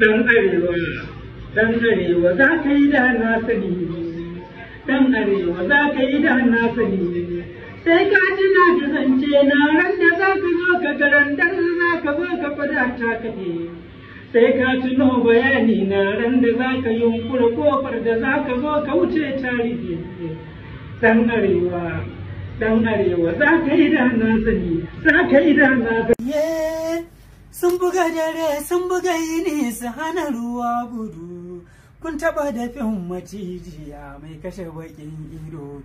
dan arewa dan arewa za ka yi da na sani dan arewa za ka yi da na sani sai ka ji na zance na ran da za ka zo ka karantar za ka zo ka fada ta kaɗe sai ka no bayani na ran da za ka yunkura kofar da za ka zo ka wuce tarihi dan arewa dan arewa za ka yi da na sani za ka yi da na sani sun buga dare sun buga yini su hana ruwa gudu kun taba dafin macijiya mai kashe bakin ido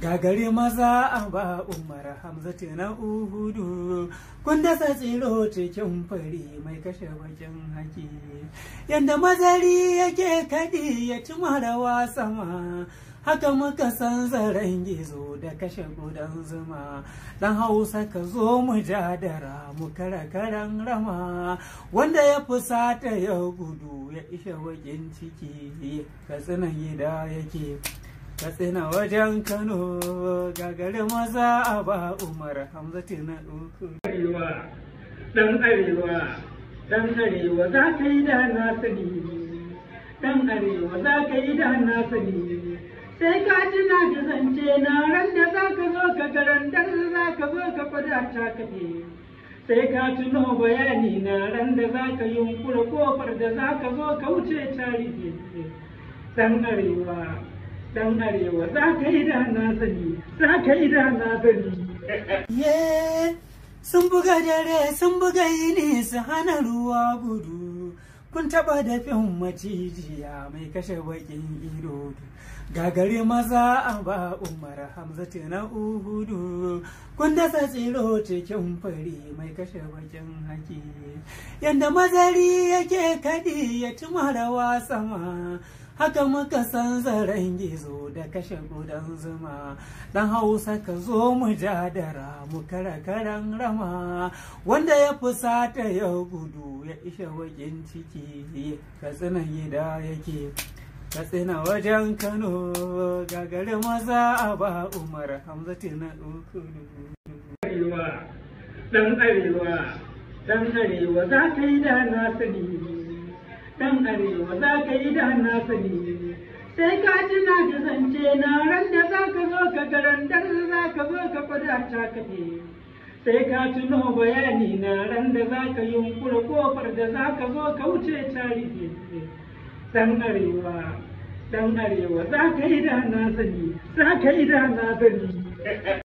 gagari maza a ba umar hamzatu na uhudu kun dasa tsiro cikin fari mai kashe bakin haki yanda mazari yake kadi ya ci marawa sama haka muka san zaren gizo da kashe gudan zuma dan hausa ka zo mu jadara mu kara rama wanda ya fusata ya gudu ya ishe wakin ciki tsina gida yake tsina wajen kano gagari maza a ba umar hamzati na uku arewa dan arewa dan arewa za ka yi da na sani dan arewa za ka yi da na sani sai ka ji na da zance na ran da za ka zo ka garantar za ka zo ka fada ta kaɗe sai ka tuno bayani na ran da za ka yunkura kofar da za ka zo ka wuce ta rige dan arewa dan arewa za ka yi da na sani za ka yi da na sani sun buga dare sun buga yini su hana ruwa gudu kun taba fim macijiya mai kashe bakin ido gagari maza a ba umar Hamza hamzatu na uhudu kun dasa tsiro cikin fari mai kashe bakin haki Yadda mazari yake kadi ya tumara sama haka muka san zaren gizo da kashe gudan zuma dan hausa ka zo mu jadara mu kara rama wanda ya fusata ya gudu ya ishe wajen ciki ka tsina gida yake katsina wajen kano gagari maza a ba umar hamza na uku dan arewa dan arewa za ka yi da na sani dan arewa za ka yi da na sani sai ka ji na ka zance na ran da za ka zo ka garantar za ka zo ka fada ta kaɗe sai ka tuno bayani na ran da za ka yunkura kofar da za ka zo ka wuce tarihi. dan arewa dan arewa za ka yi da na sani za ka yi da na sani